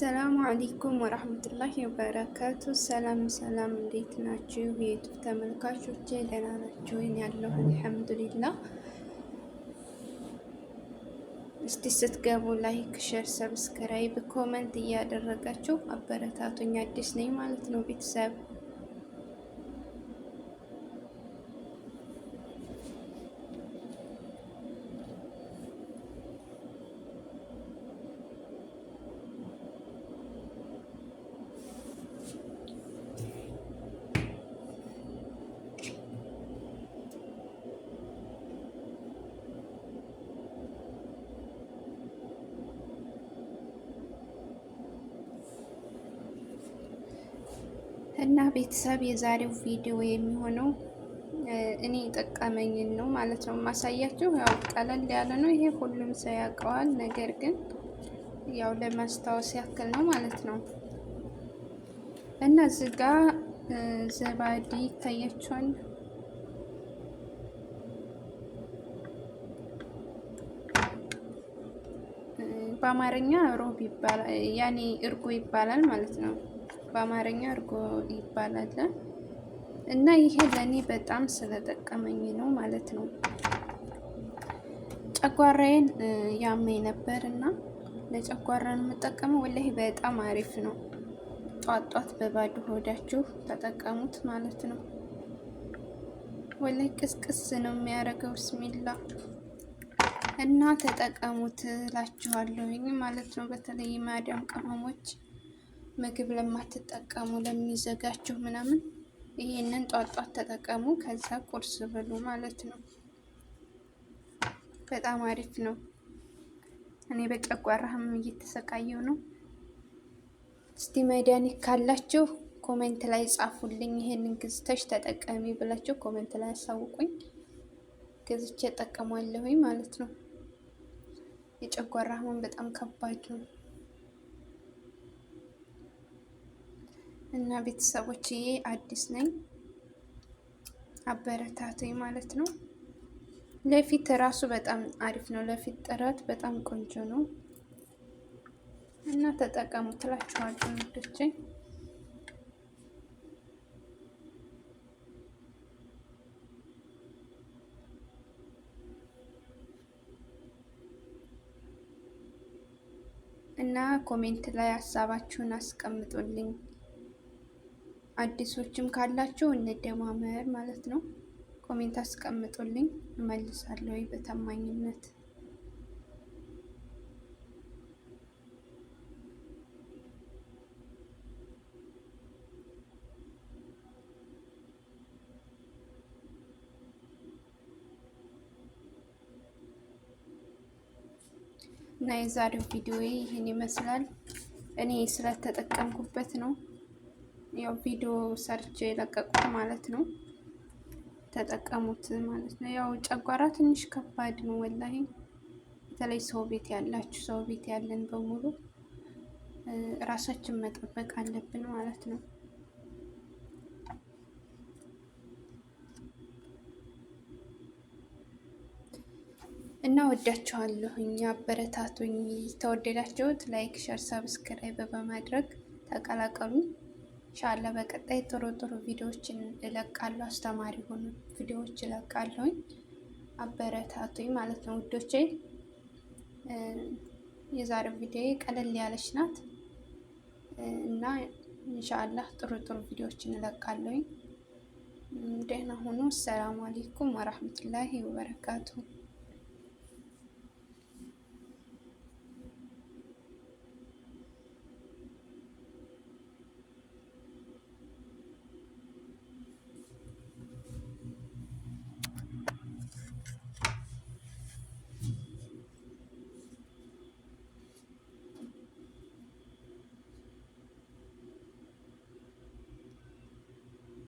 አሰላሙ አለይኩም ወራህመቱላሂ ወበረካቱ። ሰላም ሰላም፣ እንዴት ናችሁ የዩቱብ ተመልካቾች ደህና ናችሁ? ያለሁ አልሐምዱሊላህ። እስቲ ስትገቡ ላይክ፣ ሸር፣ ሰብስክራይብ፣ ኮመንት እያደረጋችሁ አበረታቱኝ። አዲስ ነኝ ማለት ነው ቤተሰብ እና ቤተሰብ የዛሬው ቪዲዮ የሚሆነው እኔ ጠቀመኝን ነው ማለት ነው ማሳያችሁ። ያው ቀለል ያለ ነው ይሄ ሁሉም ሰው ያውቀዋል። ነገር ግን ያው ለማስታወስ ያክል ነው ማለት ነው። እና እዚህ ጋ ዘባዲ ይታያችኋል። በአማርኛ ሮብ ይባላል፣ ያኔ እርጎ ይባላል ማለት ነው። በአማርኛ እርጎ ይባላል። እና ይሄ ለእኔ በጣም ስለጠቀመኝ ነው ማለት ነው። ጨጓራዬን ያመኝ ነበር እና ለጨጓራ ነው የምጠቀመው። ወላሂ በጣም አሪፍ ነው። ጧት ጧት በባዶ ሆዳችሁ ተጠቀሙት ማለት ነው። ወላሂ ቅስቅስ ነው የሚያደርገው። ስሚላ እና ተጠቀሙት እላችኋለሁኝ ማለት ነው። በተለይ ማዳም ቅመሞች ምግብ ለማትጠቀሙ ለሚዘጋችሁ ምናምን ይሄንን ጧጧት ተጠቀሙ። ከዛ ቁርስ ብሉ ማለት ነው። በጣም አሪፍ ነው። እኔ በጨጓራህም እየተሰቃየው ነው። እስቲ መድኃኒት ካላችሁ ኮሜንት ላይ ጻፉልኝ። ይሄንን ግዝተሽ ተጠቀሚ ብላችሁ ኮሜንት ላይ አሳውቁኝ። ግዝቼ እጠቀማለሁኝ ማለት ነው። የጨጓራ ህመም በጣም ከባድ ነው። እና ቤተሰቦችዬ አዲስ ነኝ አበረታቶኝ ማለት ነው። ለፊት ራሱ በጣም አሪፍ ነው። ለፊት ጥራት በጣም ቆንጆ ነው እና ተጠቀሙ ትላችኋለሁ ምርቶቼ። እና ኮሜንት ላይ ሀሳባችሁን አስቀምጡልኝ። አዲሶችም ካላችሁ እንደማመር ማለት ነው። ኮሜንት አስቀምጡልኝ እመልሳለሁ በታማኝነት። እና የዛሬው ቪዲዮ ይህን ይመስላል። እኔ ስለተጠቀምኩበት ነው። ያው ቪዲዮ ሰርች የለቀቁት ማለት ነው። ተጠቀሙት ማለት ነው። ያው ጨጓራ ትንሽ ከባድ ነው ወላሂ። በተለይ ሰው ቤት ያላችሁ ሰው ቤት ያለን በሙሉ ራሳችን መጠበቅ አለብን ማለት ነው። እና እኛ አበረታቱኝ። ተወደዳችሁት ላይክ፣ ሸር፣ ሰብስክራይብ በማድረግ ተቀላቀሉኝ። ሻለ በቀጣይ ጥሩ ጥሩ ቪዲዮዎችን እለቃለሁ፣ አስተማሪ ሆኑ ቪዲዮዎች እለቃለሁኝ። አበረታቱኝ ማለት ነው ውዶቼ። የዛሬው ቪዲዮ ቀለል ያለች ናት እና ኢንሻአላህ ጥሩ ጥሩ ቪዲዮዎችን እለቃለሁኝ። ደህና ሁኑ። ሰላም አለይኩም ወራህመቱላሂ ወበረካቱሁ።